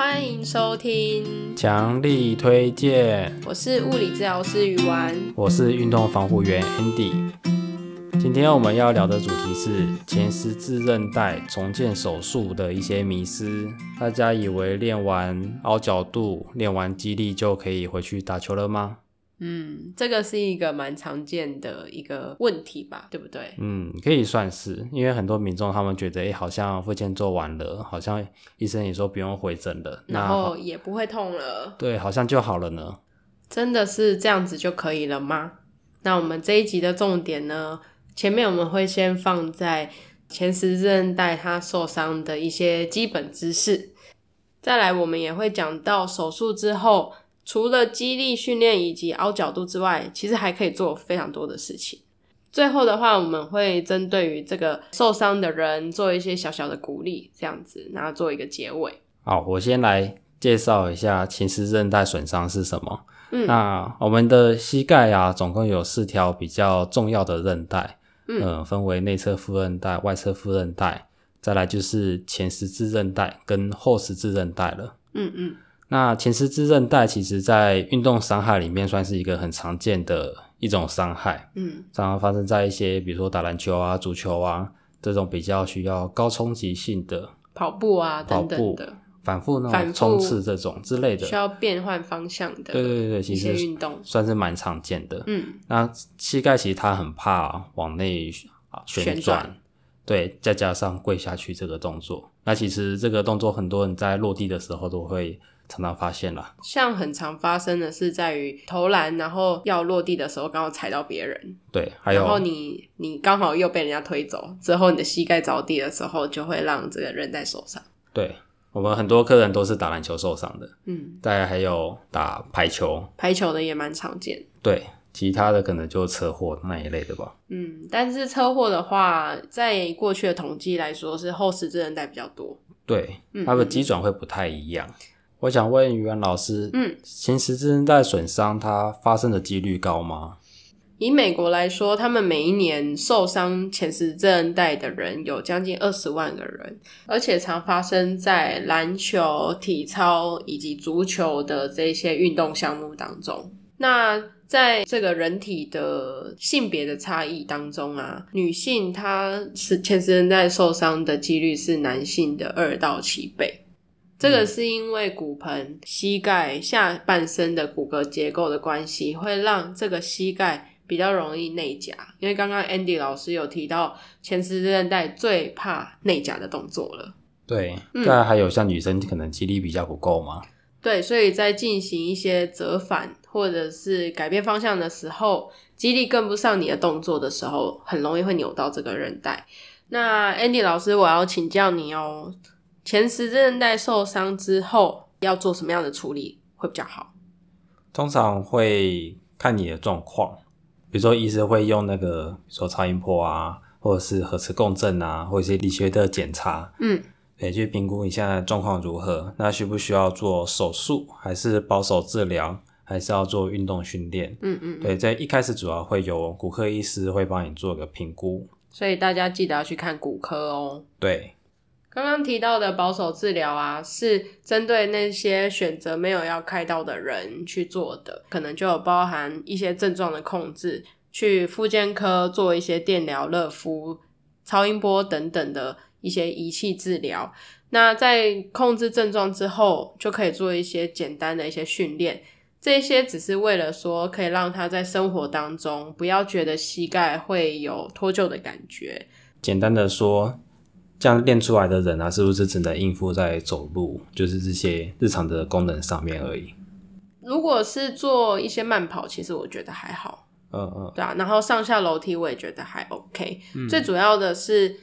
歡迎收聽，強力推薦。我是物理治療師魚丸，我是運動防護員 Andy。今天我們要聊的主題是前十字韌帶重建手術的一些迷思。大家以為練完凹角度、練完肌力就可以回去打球了嗎？嗯，這個是一個蠻常見的一個問題吧，對不對？嗯，可以算是，因為很多民眾他們覺得，哎、欸，好像復健做完了，好像醫生也說不用回診了，然後也不會痛了，對，好像就好了呢。真的是這樣子就可以了嗎？那我們這一集的重點呢，前面我們會先放在前十字韌帶它受傷的一些基本知識，再來我們也會講到手術之後。除了肌力訓練以及凹角度之外，其實還可以做非常多的事情。最後的話，我們會針對於這個受傷的人做一些小小的鼓勵，這樣子，然後做一個結尾。好，我先來介紹一下前十字韌帶損傷是什麼。嗯，那我們的膝蓋啊，總共有四條比較重要的韌帶，嗯、呃，分為內側副韌帶、外側副韌帶，再來就是前十字韌帶跟後十字韌帶了。嗯嗯。嗯那前十字韌帶其實在運動傷害裡面算是一個很常見的一種傷害，嗯，常常發生在一些比如說打籃球啊、足球啊這種比較需要高衝擊性的跑步啊、跑步等等的反覆那種衝刺這種之類的，需要變換方向的，對對對，一些運動算是蠻常見的。嗯，那膝蓋其實它很怕往內旋轉，旋轉。對，再加上跪下去這個動作，那其實這個動作很多人在落地的時候都會。常常發現了，像很常發生的是在於投籃，然後要落地的時候剛好踩到別人，對，還有，然後你你剛好又被人家推走，之後你的膝蓋着地的時候就會讓這個韌帶受傷。對，我們很多客人都是打籃球受傷的，嗯，但還有打排球，排球的也蠻常見。對，其他的可能就車禍那一類的吧。嗯，但是車禍的話，在過去的統計來說是後十字韌帶比較多，對，它的機轉會不太一樣。嗯嗯我想問魚丸老師，嗯，前十字韌帶損傷它發生的幾率高嗎？以美國來說，他們每一年受傷前十字韌帶的人有將近二十萬個人，而且常發生在籃球、體操以及足球的這些運動項目當中。那在這個人體的性別的差異當中啊，女性她是前十字韌帶受傷的幾率是男性的二到七倍。這個是因為骨盆、膝蓋下半身的骨骼結構的關係，會讓這個膝蓋比較容易內夾。因為剛剛 Andy 老師有提到，前十字韌帶最怕內夾的動作了。對，那還有像女生可能肌力比較不夠嗎？嗯，對，所以在進行一些折返或者是改變方向的時候，肌力跟不上你的動作的時候，很容易會扭到這個韌帶。那 Andy 老師，我要請教你哦。前十字韌帶受傷之後要做什麼樣的處理會比較好？通常會看你的狀況，比如說醫師會用那個，比如說超音波啊，或者是核磁共振啊，或者是理學的檢查，嗯，對，去評估你現在狀況如何，那需不需要做手術，還是保守治療，還是要做運動訓練？嗯，嗯嗯，對，在一開始主要會有骨科醫師會幫你做一個評估，所以大家記得要去看骨科哦。對。剛剛提到的保守治療啊，是針對那些選擇沒有要開刀的人去做的，可能就有包含一些症狀的控制，去復健科做一些電療、熱敷、超音波等等的一些儀器治療。那在控制症狀之後，就可以做一些簡單的一些訓練。這些只是為了說，可以讓他在生活當中不要覺得膝蓋會有脫臼的感覺。簡單的說。這樣練出來的人啊，是不是只能應付在走路，就是這些日常的功能上面而已？如果是做一些慢跑，其實我覺得還好。嗯嗯，嗯對啊。然後上下樓梯我也覺得還 OK。嗯，最主要的是，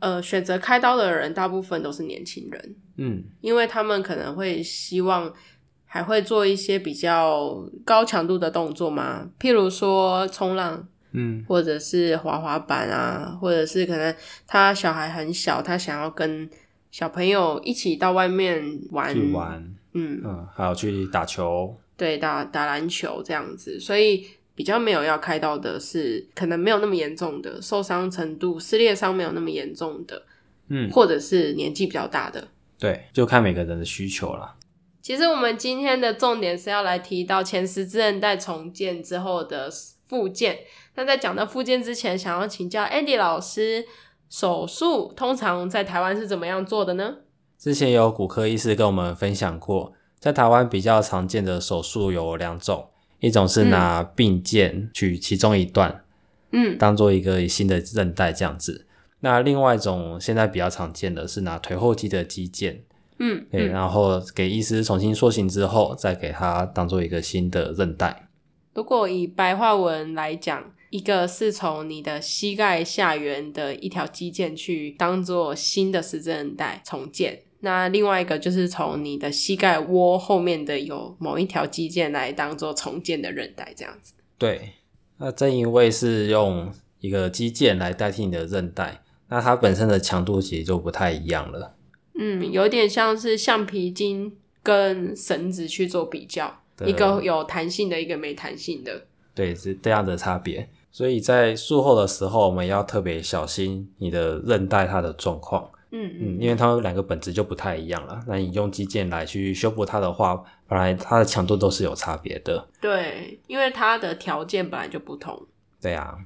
呃，選擇開刀的人大部分都是年輕人。嗯，因為他們可能會希望還會做一些比較高強度的動作嗎？譬如說衝浪。嗯，或者是滑滑板啊，或者是可能他小孩很小，他想要跟小朋友一起到外面玩去玩，嗯嗯，還有、呃、去打球，對，打打籃球這樣子，所以比較沒有要開到的是，可能沒有那麼嚴重的受傷程度，撕裂傷沒有那麼嚴重的，嗯，或者是年紀比較大的，對，就看每個人的需求了。其實我們今天的重點是要來提到前十字韌帶重建之後的，復健。那在講到復健之前，想要請教 Andy 老師，手術通常在台灣是怎麼樣做的呢？之前有骨科醫師跟我們分享過，在台灣比較常見的手術有兩種，一種是拿髕腱取其中一段，嗯，當做一個新的韌帶這樣子。嗯、那另外一種現在比較常見的是拿腿後肌的肌腱，嗯，對，然後給醫師重新塑形之後，再給它當做一個新的韌帶。如果以白話文來講，一個是從你的膝蓋下緣的一條肌腱去當做新的十字韌帶重建，那另外一個就是從你的膝蓋窩後面的有某一條肌腱來當做重建的韌帶，這樣子。對，那正因為是用一個肌腱來代替你的韌帶，那它本身的強度其實就不太一樣了。嗯，有點像是橡皮筋跟繩子去做比較。一個有彈性的，一個沒彈性的，對，是這樣的差別。所以在術後的時候，我們要特別小心你的韌帶它的狀況。嗯嗯，嗯，因為它兩個本質就不太一樣了。那你用肌腱來去修復它的話，本來它的強度都是有差別的。對，因為它的條件本來就不同。對啊，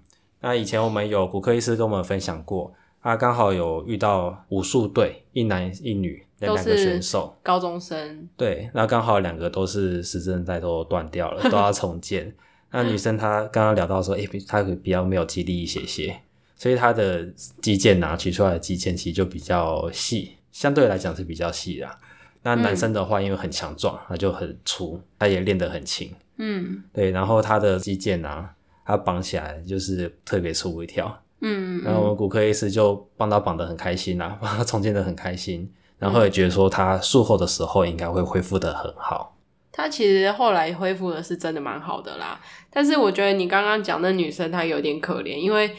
那以前我們有骨科醫師跟我們分享過。他剛、啊、好有遇到武術隊一男一女兩都是 個選手，高中生。對，那剛好兩個都是十字韌帶都斷掉了，都要重建。 那女生她剛剛聊到說，哎、嗯，她、欸、比較沒有肌力一些些，所以她的肌腱啊，取出來的肌腱其實就比較細，相對來講是比較細的、啊。那男生的話，因為很強壯，他就很粗，他也練得很輕。嗯，對，然後他的肌腱啊，他綁起來就是特別粗一條。嗯，然後我們骨科醫師就幫他綁的很開心啦、啊，幫他重建的很開心，然後也覺得說他術後的時候應該會恢復的很好、嗯。他其實後來恢復的是真的蠻好的啦，但是我覺得你剛剛講的女生她有點可憐，因為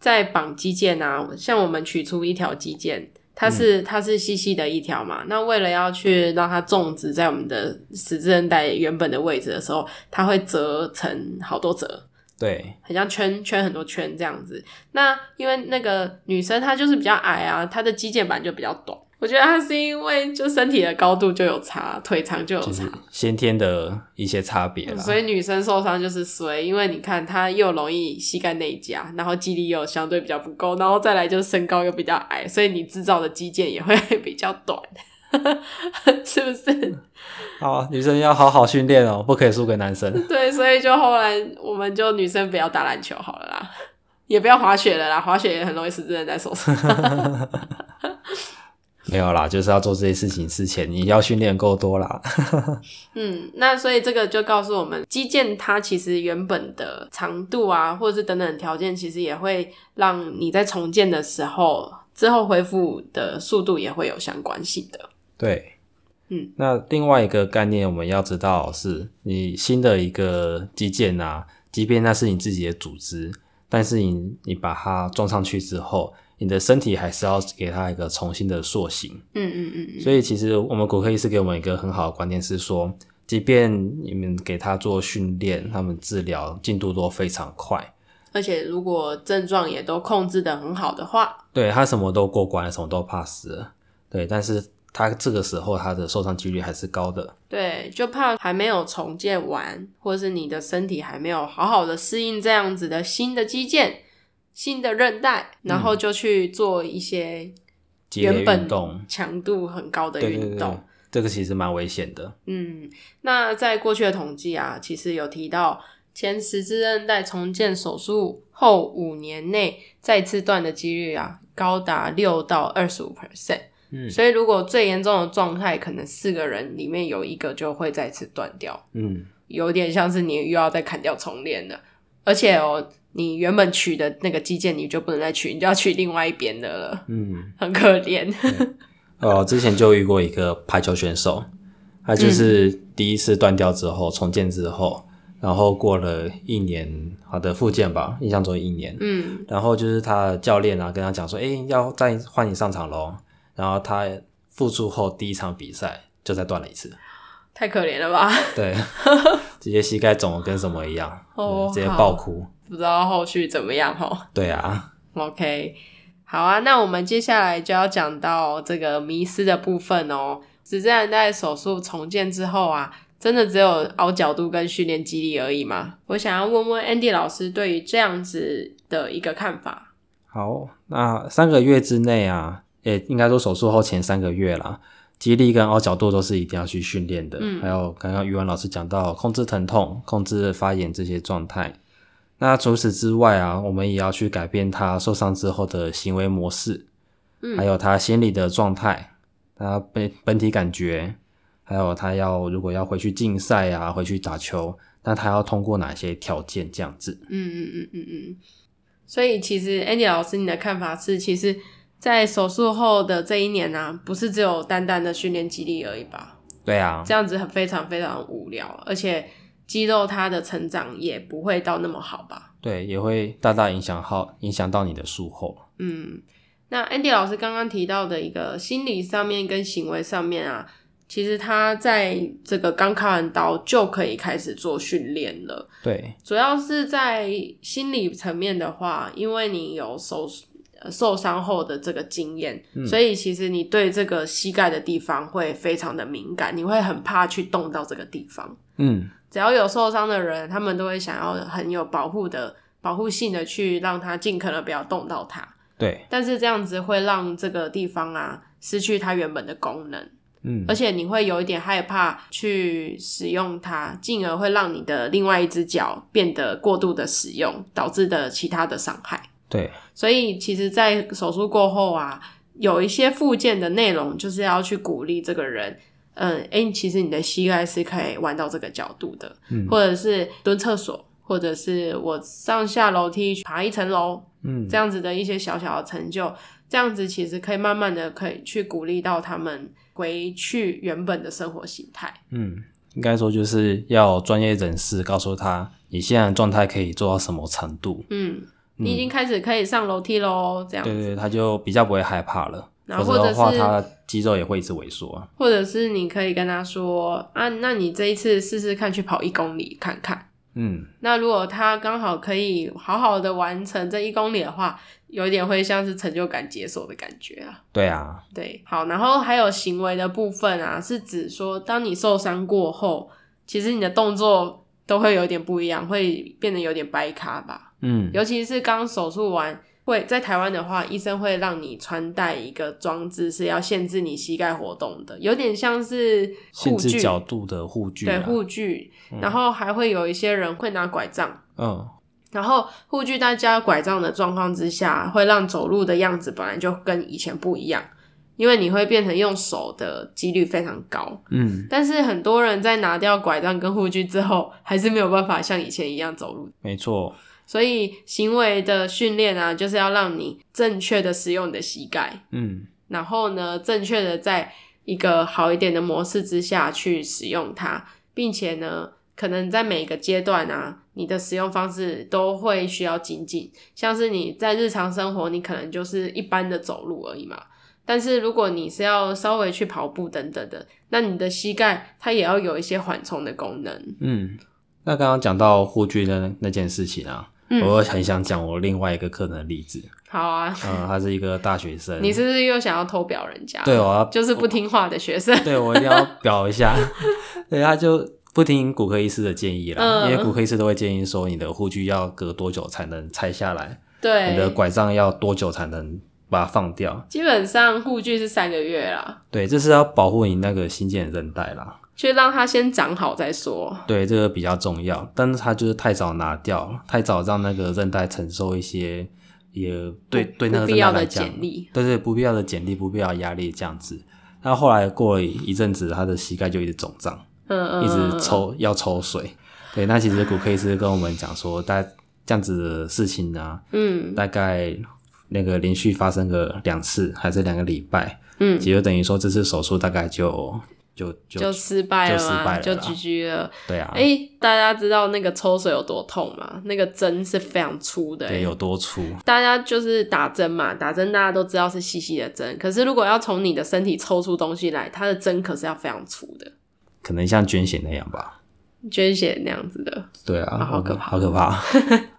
在綁肌腱啊，像我們取出一條肌腱，它是、嗯、它是細細的一條嘛，那為了要去讓它種植在我們的十字韌帶原本的位置的時候，它會折成好多折。對，很像圈圈很多圈這樣子。那因為那個女生她就是比較矮啊，她的肌腱板就比較短。我覺得她是因為就身體的高度就有差，腿長就有差。就先天的一些差別。所以女生受傷就是衰，因為你看她又容易膝蓋內夾，然後肌力又相對比較不夠，然後再來就是身高又比較矮，所以你製造的肌腱也會比較短。 是不是？好，女生要好好訓練哦，不可以輸給男生。 對，所以就後來我們就女生不要打籃球好了啦， 也不要滑雪了啦，滑雪也很容易死。真在手上。 沒有啦，就是要做這些事情之前，你要訓練夠多啦。 嗯，那所以這個就告訴我們，肌腱它其實原本的長度啊，或者是等等條件，其實也會讓你在重建的時候之後恢復的速度也會有相關性的。對，嗯，那另外一個概念我們要知道是，你新的一個肌腱啊，即便那是你自己的組織，但是你你把它裝上去之後，你的身體還是要給它一個重新的塑形。嗯，嗯嗯嗯。所以其實我們骨科醫師給我們一個很好的觀念是說，即便你們給他做訓練，他們治療進度都非常快，而且如果症狀也都控制的很好的話，對，他什麼都過關了，什麼都 pass 了。對，但是。他這個時候他的受傷幾率還是高的，對，就怕還沒有重建完，或者是你的身體還沒有好好的適應這樣子的新的肌腱、新的韌帶，然後就去做一些原本強度很高的運動，的運動對對對，這個其實蠻危險的。嗯，那在過去的統計啊，其實有提到前十字韌帶重建手術後五年內再次斷的幾率啊，高達六到二十五 percent。嗯、所以，如果最嚴重的狀態，可能四個人裡面有一個就會再次斷掉。嗯，有點像是你又要再砍掉重練了。而且哦，你原本取的那個肌腱，你就不能再取，你就要取另外一邊的了。嗯，很可憐。哦，之前就遇過一個排球選手， 他就是第一次斷掉之後重建之後，嗯、然後過了一年，好的復健吧，印象中一年。嗯，然後就是他的教練啊跟他講說：“哎、欸，要再換你上場嘍。”然後他復出後第一場比賽就再斷了一次，太可憐了吧？對，直接 膝蓋腫了跟什麼一樣，哦嗯、直接爆哭，不知道後續怎麼樣哦？對啊，OK，好啊，那我們接下來就要講到這個迷思的部分哦。十字韌帶在手術重建之後啊，真的只有凹角度跟訓練肌力而已嗎？我想要問問 Andy 老師對於這樣子的一個看法。好，那三個月之內啊。誒，應該說手術後前三個月啦，肌力跟凹角度都是一定要去訓練的。嗯、還有剛剛魚丸老師講到控制疼痛、控制發炎這些狀態。那除此之外啊，我們也要去改變他受傷之後的行為模式，嗯、還有他心理的狀態，他本體感覺，還有他要如果要回去競賽啊，回去打球，那他要通過哪些條件？這樣子。嗯嗯嗯嗯嗯。所以其實 Andy 老師，你的看法是其實。在手術後的這一年呢、啊，不是只有單單的訓練肌力而已吧？對啊，這樣子很非常非常無聊，而且肌肉它的成長也不會到那麼好吧？對，也會大大影響好影響到你的術後。嗯，那 Andy 老師剛剛提到的一個心理上面跟行為上面啊，其實他在這個剛開完刀就可以開始做訓練了。對，主要是在心理層面的話，因為你有手術。受傷後的這個經驗，嗯，所以其實你對這個膝蓋的地方會非常的敏感，你會很怕去動到這個地方。嗯，只要有受傷的人，他們都會想要很有保護的、保護性的去讓他盡可能不要動到它。對，但是這樣子會讓這個地方啊失去它原本的功能。嗯，而且你會有一點害怕去使用它，進而會讓你的另外一隻腳變得過度的使用，導致的其他的傷害。對，所以其實，在手術過後啊，有一些復健的內容，就是要去鼓勵這個人，嗯，哎、欸，其實你的膝蓋是可以彎到這個角度的，嗯，或者是蹲廁所，或者是我上下樓梯爬一層樓，嗯，這樣子的一些小小的成就，這樣子其實可以慢慢的可以去鼓勵到他們回去原本的生活形態，嗯，應該說就是要專業人士告訴他你現在的狀態可以做到什麼程度，嗯。你已經開始可以上樓梯嘍，嗯、這樣子對對，他就比較不會害怕了。然後的話，他肌肉也會一直萎縮啊。或者是你可以跟他說啊，那你這一次試試看去跑一公里看看。嗯，那如果他剛好可以好好的完成這一公里的話，有點會像是成就感解鎖的感覺啊。對啊，對，好，然後還有行為的部分啊，是指說當你受傷過後，其實你的動作都會有點不一樣，會變得有點掰咖吧。嗯，尤其是剛手術完，會在台灣的話，醫生會讓你穿戴一個裝置，是要限制你膝蓋活動的，有點像是護具，限制角度的護具啊，對，護具。然後還會有一些人會拿拐杖，嗯，然後護具大家拐杖的狀況之下，會讓走路的樣子本來就跟以前不一樣，因為你會變成用手的幾率非常高，嗯，但是很多人在拿掉拐杖跟護具之後，還是沒有辦法像以前一樣走路，沒錯。所以行為的訓練啊，就是要讓你正確的使用你的膝蓋，嗯，然後呢，正確的在一個好一點的模式之下去使用它，並且呢，可能在每個階段啊，你的使用方式都會需要精進。像是你在日常生活，你可能就是一般的走路而已嘛，但是如果你是要稍微去跑步等等的，那你的膝蓋它也要有一些緩衝的功能。嗯，那剛剛講到護具的那件事情啊。我又很想講我另外一個客人的例子。好啊、嗯，嗯，他是一個大學生。你是不是又想要偷表人家？對，我要就是不聽話的學生。我對我一定要表一下。 對，他就不聽骨科醫師的建議了，嗯、因為骨科醫師都會建議說，你的護具要隔多久才能拆下來？對，你的拐杖要多久才能把它放掉？基本上護具是三個月啦。對，這是要保護你那個新建的韌帶啦。就讓他先長好再說。對，這個比較重要，但是他就是太早拿掉了，太早讓那個韌帶承受一些，也對、哦、對那個必要的剪力，對對不必要的剪力、力、不必要壓力這樣子。那後來過了一陣子，他的膝蓋就一直腫脹，嗯，一直抽要抽水。對，那其實骨科醫師跟我們講說，啊、大概這樣子的事情呢、啊，嗯，大概那個連續發生個兩次還是兩個禮拜，嗯，也就等於說這次手術大概就。就就，就失敗了，就 GG 了。對啊，哎、欸，大家知道那個抽水有多痛嗎？那個針是非常粗的，欸，得有多粗？大家就是打針嘛，打針大家都知道是細細的針，可是如果要從你的身體抽出東西來，它的針可是要非常粗的，可能像捐血那樣吧，捐血那樣子的。對啊，啊，好可怕，嗯，好可怕。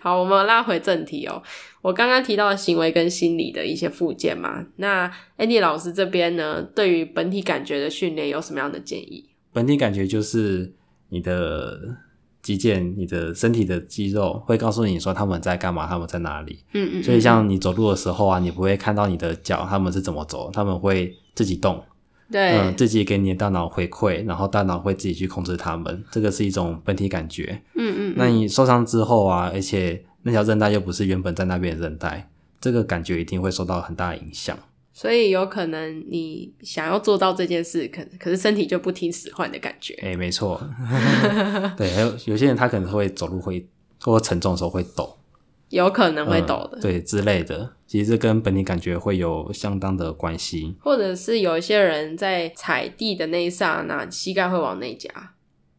好，我們拉回正題哦、喔。我剛剛提到的行為跟心理的一些復健嘛，那 Andy 老師這邊呢，對於本體感覺的訓練有什麼樣的建議？本體感覺就是你的肌腱、你的身體的肌肉會告訴你說他們在幹嘛，他們在哪裡。嗯，嗯嗯。所以像你走路的時候啊，你不會看到你的腳，他們是怎麼走，他們會自己動。對，嗯，自己給你的大腦回饋，然後大腦會自己去控制它們，這個是一種本體感覺。嗯嗯，嗯那你受傷之後啊，而且那條韌帶又不是原本在那邊的韌帶，這個感覺一定會受到很大的影響。所以有可能你想要做到這件事，可可是身體就不聽使喚的感覺。哎、欸，沒錯， 對，還有有些人他可能會走路會，或承重的時候會抖。有可能會抖的，嗯、對之類的，其實這跟本體感覺會有相當的關係。或者是有一些人在踩地的那一剎那，膝蓋會往內夾。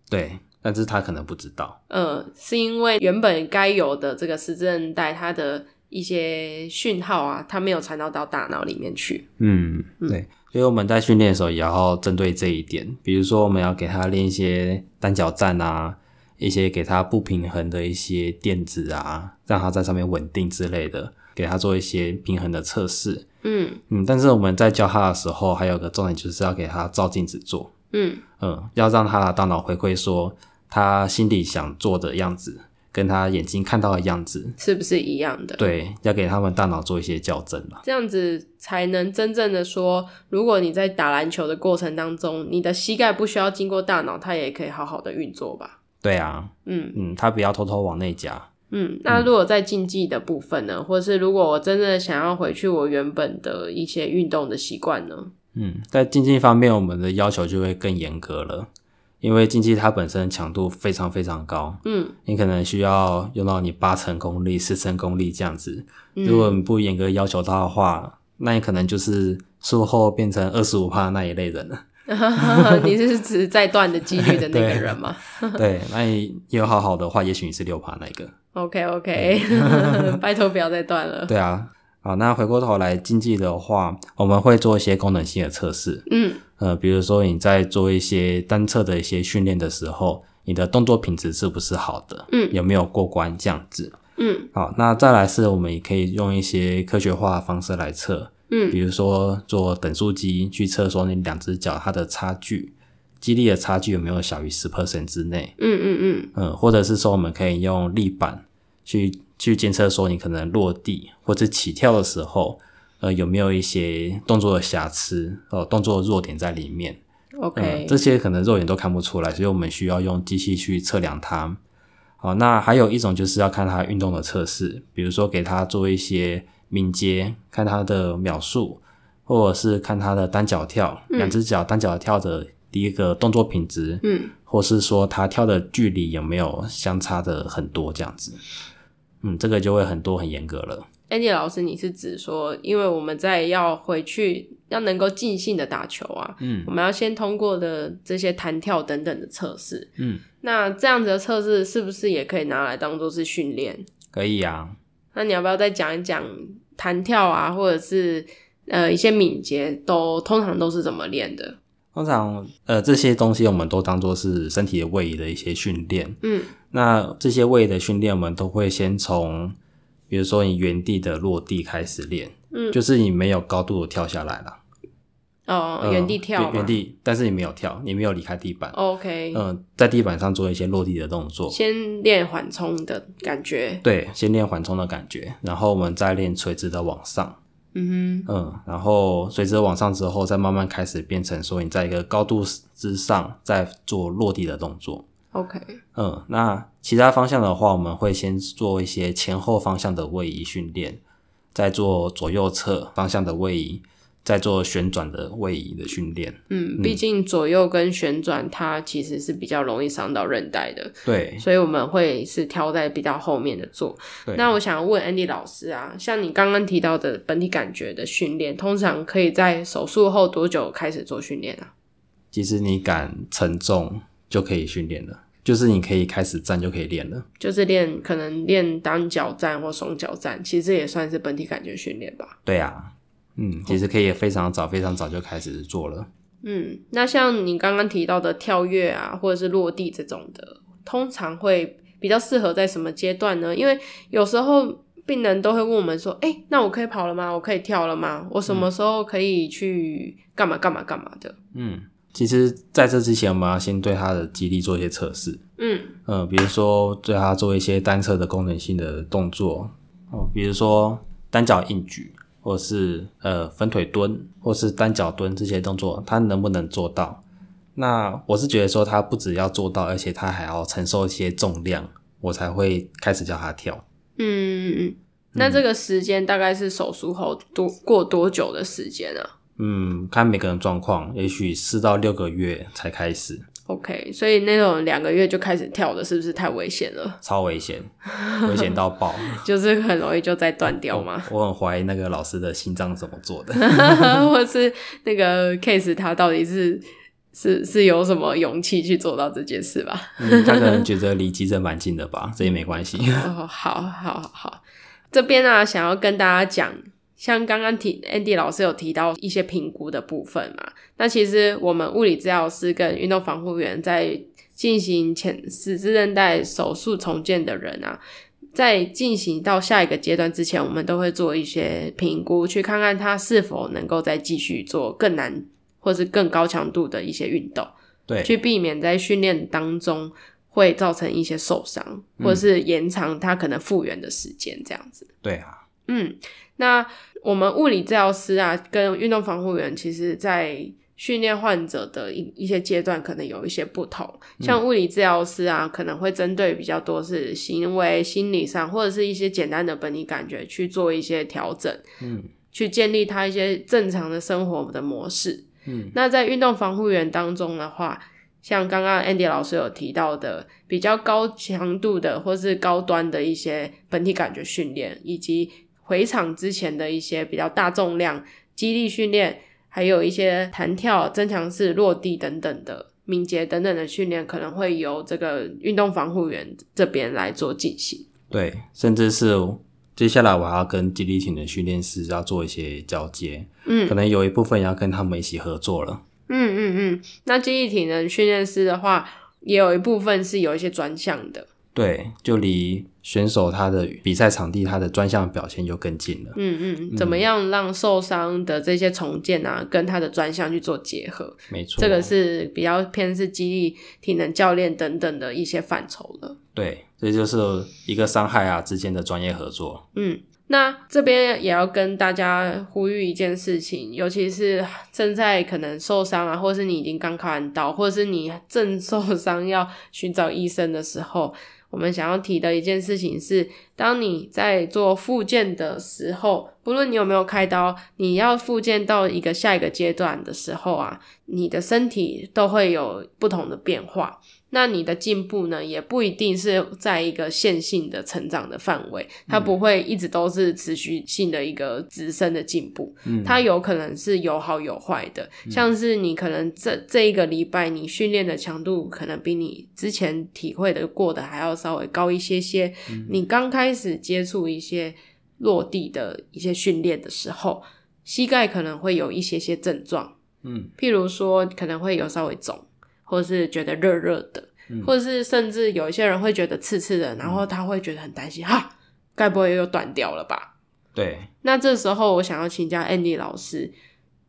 對，但是他可能不知道。嗯，是因為原本該有的這個十字韌帶，它的一些訊號啊，它沒有傳到到大腦裡面去。嗯，對。所以我們在訓練的時候也要針對這一點，比如說我們要給他練一些單腳站啊。一些給他不平衡的一些墊子啊，讓他在上面穩定之類的，給他做一些平衡的測試。嗯嗯，但是我們在教他的時候，還有個重點就是要給他照鏡子做。嗯嗯，要讓他的大腦回饋說他心裡想做的樣子，跟他眼睛看到的樣子是不是一樣的？對，要給他們大腦做一些校正吧，這樣子才能真正的說，如果你在打籃球的過程當中，你的膝蓋不需要經過大腦，它也可以好好的運作吧。對啊，嗯嗯，他不要偷偷往內夾。嗯，嗯，那如果在競技的部分呢，或者是如果我真的想要回去我原本的一些運動的習慣呢？嗯，在競技方面，我們的要求就會更嚴格了，因為競技它本身強度非常非常高。嗯，你可能需要用到你八成功力，十成功力這樣子。如果你不嚴格要求它的話，嗯、那你可能就是術後變成二十五趴那一類的人了。 你是指在斷的機率的那個人嗎？ 對，對，那你有好好的話，也許你是六趴那個。OK OK，、欸、 拜託不要再斷了。對啊，好，那回過頭來競技的話，我們會做一些功能性的測試。嗯，呃，比如說你在做一些單側的一些訓練的時候，你的動作品質是不是好的？嗯，有沒有過關這樣子？嗯，好，那再來是我們也可以用一些科學化的方式來測。嗯，比如說做等速機去測說你兩只腳它的差距，肌力的差距有沒有小於十 percent 之內？嗯嗯嗯，嗯,嗯,嗯，或者是說我們可以用力板去去監測說你可能落地或者是起跳的時候，呃，有沒有一些動作的瑕疵呃，動作的弱點在裡面？OK，、嗯、這些可能肉眼都看不出來，所以我們需要用機器去測量它。好、哦，那還有一種就是要看它運動的測試，比如說給它做一些。敏捷，看他的秒數，或者是看他的單腳跳，兩只腳單腳跳的第一個動作品質，嗯，或是說他跳的距離有沒有相差的很多這樣子，嗯，這個就會很多很嚴格了。Andy 老師，你是指說，因為我們在要回去要能夠盡興的打球啊，嗯，我們要先通過的這些彈跳等等的測試，嗯，那這樣子的測試是不是也可以拿來當做是訓練？可以啊。那你要不要再講一講彈跳啊，或者是呃一些敏捷都通常都是怎麼練的？通常呃這些東西我們都當做是身體的位移的一些訓練。嗯，那這些位移的訓練我們都會先從，比如說你原地的落地開始練，嗯，就是你沒有高度的跳下來了。哦，原地跳，嗯，原地，但是你沒有跳，你沒有離開地板。OK，嗯，在地板上做一些落地的動作。先練緩衝的感覺。對，先練緩衝的感覺，然後我們再練垂直的往上。嗯哼，嗯，然後垂直往上之後，再慢慢開始變成說，你在一個高度之上再做落地的動作。OK，嗯，那其他方向的話，我們會先做一些前後方向的位移訓練，再做左右側方向的位移。在做旋轉的位移的訓練，嗯，畢竟左右跟旋轉，它其實是比較容易傷到韌帶的，對，所以我們會是挑在比較後面的做。對，那我想要問 Andy 老師啊，像你剛剛提到的本體感覺的訓練，通常可以在手術後多久開始做訓練啊？其實你敢承重就可以訓練了，就是你可以開始站就可以練了，就是練可能練單腳站或雙腳站，其實也算是本體感覺訓練吧？對啊。嗯，其實可以非常早，Okay. 非常早就開始做了。嗯，那像你剛剛提到的跳躍啊，或者是落地這種的，通常會比較適合在什麼階段呢？因為有時候病人都會問我們說：“誒、欸，那我可以跑了嗎？我可以跳了嗎？我什麼時候可以去幹嘛幹嘛幹嘛的？”嗯，其實在這之前，我們要先對他的肌力做一些測試。嗯呃，比如說對他做一些單側的功能性的動作，哦，比如說單腳硬舉。或是呃、分腿蹲，或是單腳蹲這些動作，他能不能做到？那我是覺得說，他不只要做到，而且他還要承受一些重量，我才會開始叫他跳。嗯，那這個時間大概是手術後多過多久的時間呢、啊？嗯，看每個人狀況，也許四到六個月才開始。OK，所以那種兩個月就開始跳的，是不是太危險了？超危險，危險到爆， 就是很容易就再斷掉嘛。我很懷疑那個老師的心臟怎麼做的， 或是那個 case 他到底是是是有什麼勇氣去做到這件事吧？ 嗯，他可能覺得離急診蠻近的吧，這也沒關係。哦，好好好，這邊呢，啊，想要跟大家講。像剛剛提 Andy 老師有提到一些評估的部分嘛，那其實我們物理治療師跟運動防護員在進行前十字韌帶手術重建的人啊，在進行到下一個階段之前，我們都會做一些評估，去看看他是否能夠再繼續做更難或是更高強度的一些運動，對，去避免在訓練當中會造成一些受傷，嗯、或是延長他可能復原的時間，這樣子。對啊，嗯。那我們物理治療師啊，跟運動防護員其實，在訓練患者的一一些階段，可能有一些不同。嗯、像物理治療師啊，可能會針對比較多是行為、心理上，或者是一些簡單的本體感覺去做一些調整，嗯、去建立他一些正常的生活的模式。嗯、那在運動防護員當中的話，像剛剛 Andy 老師有提到的，比較高強度的或是高端的一些本體感覺訓練，以及。回場之前的一些比較大重量、肌力訓練，還有一些彈跳、增強式落地等等的敏捷等等的訓練，可能會由這個運動防護員這邊來做進行。對，甚至是接下來我要跟肌力體能訓練師要做一些交接，嗯，可能有一部分要跟他們一起合作了。嗯嗯嗯，那肌力體能訓練師的話，也有一部分是有一些專項的。對，就離選手他的比賽場地、他的專項表現就更近了。嗯嗯，怎麼樣讓受傷的這些重建啊，嗯、跟他的專項去做結合？沒錯、啊，這個是比較偏是肌力體能教練等等的一些範疇了。對，這就是一個傷害啊之間的專業合作。嗯，那這邊也要跟大家呼籲一件事情，尤其是正在可能受傷啊，或是你已經剛開完刀，或者是你正受傷要尋找醫生的時候。我們想要提的一件事情是，當你在做復健的時候，不論你有沒有開刀，你要復健到一個下一個階段的時候啊，你的身體都會有不同的變化。那你的進步呢，也不一定是在一個線性的成長的範圍，嗯、它不會一直都是持續性的一個直升的進步，嗯、它有可能是有好有壞的。嗯、像是你可能這這一個禮拜，你訓練的強度可能比你之前體會的過的還要稍微高一些些。嗯、你剛開始接觸一些落地的一些訓練的時候，膝蓋可能會有一些些症狀，嗯，譬如說可能會有稍微腫。或是覺得熱熱的，嗯、或者是甚至有一些人會覺得刺刺的，然後他會覺得很擔心，哈、嗯，該、啊、不會又斷掉了吧？對。那這時候我想要請教 Andy 老師，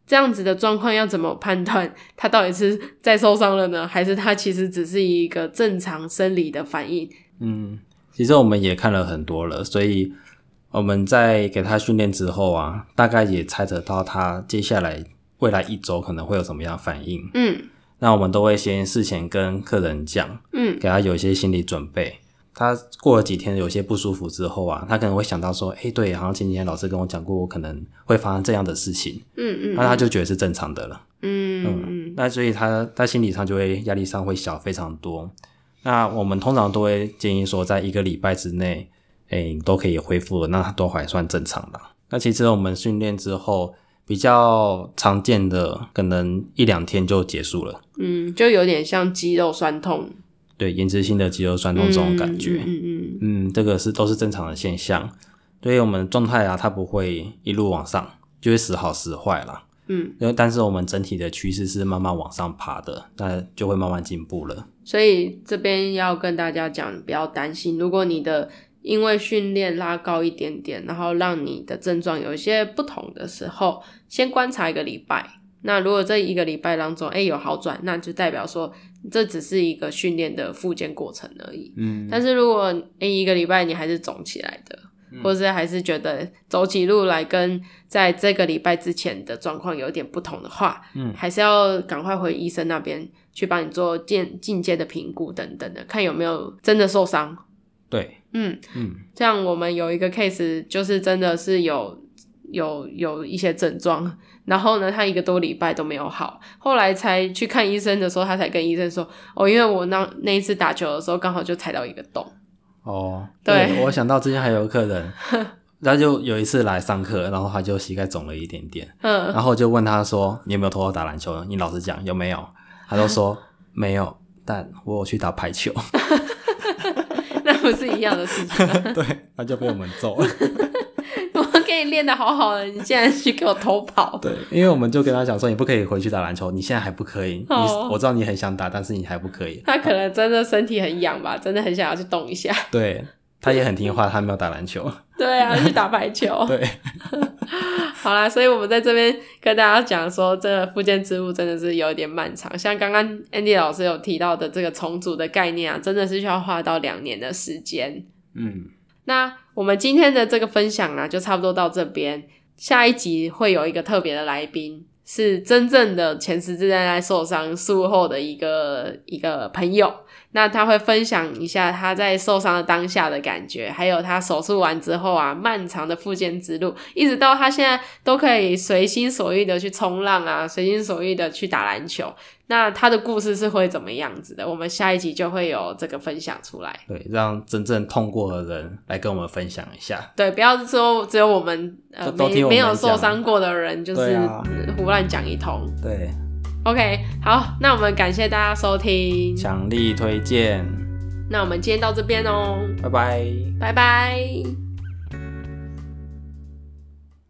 這樣子的狀況要怎麼判斷，他到底是在受傷了呢，還是他其實只是一個正常生理的反應？嗯，其實我們也看了很多了，所以我們在給他訓練之後啊，大概也猜得到他接下來未來一周可能會有什麼樣的反應。嗯。那我們都會先事前跟客人講，嗯，給他有一些心理準備。嗯，他過了幾天有些不舒服之後啊，他可能會想到說，誒，對，好像前幾天老師跟我講過，我可能會發生這樣的事情，嗯，嗯嗯，那他就覺得是正常的了，嗯嗯嗯，嗯，那所以他他心理上就會壓力上會小非常多。那我們通常都會建議說，在一個禮拜之內，誒，你都可以恢復了，那都還算正常的。那其實我們訓練之後。比較常見的，可能一兩天就結束了。嗯，就有點像肌肉酸痛，對，延遲性的肌肉酸痛這種感覺。嗯嗯嗯，嗯，嗯，這個是都是正常的現象。所以我們狀態啊，它不會一路往上，就會、是、時好時壞啦。嗯，因為但是我們整體的趨勢是慢慢往上爬的，那就會慢慢進步了。所以這邊要跟大家講，不要擔心，如果你的。因為訓練拉高一點點，然後讓你的症狀有一些不同的時候，先觀察一個禮拜。那如果這一個禮拜當中，欸，有好轉，那就代表說這只是一個訓練的復健過程而已。嗯。但是如果，欸，一個禮拜你還是腫起來的，嗯，或者是還是覺得走起路來跟在這個禮拜之前的狀況有點不同的話，嗯，還是要趕快回醫生那邊去幫你做進進階的評估等等的，看有沒有真的受傷。對。嗯嗯，這樣、嗯、我們有一個 case，就是真的是有有有一些症狀，然後呢，他一個多禮拜都沒有好，後來才去看醫生的時候，他才跟醫生說，哦，因為我那那一次打球的時候，剛好就踩到一個洞。哦，對，我想到之前還有個客人， 他就有一次來上課，然後他就膝蓋腫了一點點，嗯，然後就問他說，你有沒有偷偷打籃球？你老實講有沒有？他都說 沒有，但我有去打排球。 不是一樣的事情， 對，他就被我們揍了。我們給你練的好好的，你竟然去給我偷跑。 對，因為我們就跟他講說，你不可以回去打籃球，你現在還不可以。Oh. 你我知道你很想打，但是你還不可以。他可能真的身體很癢吧， 真的很想要去動一下。對。他也很聽話，他沒有打籃球。對啊，去打排球。 對， 好啦，所以我們在這邊跟大家講說，這個復健之路真的是有點漫長。像剛剛 Andy 老師有提到的這個重組的概念啊，真的是需要花到兩年的時間。嗯，那我們今天的這個分享呢、啊，就差不多到這邊。下一集會有一個特別的來賓，是真正的前十字韌帶受傷術後的一個一個朋友。那他會分享一下他在受傷的當下的感覺，還有他手術完之後啊，漫長的復健之路，一直到他現在都可以隨心所欲的去衝浪啊，隨心所欲的去打籃球。那他的故事是會怎麼樣子的？我們下一集就會有這個分享出來對，讓真正痛過的人來跟我們分享一下。對，不要說只有我們呃我們沒沒有受傷過的人，就是、啊、胡亂講一通。對。OK，好，那我們感謝大家收聽，強力推薦。那我們今天到這邊哦，拜拜，拜拜。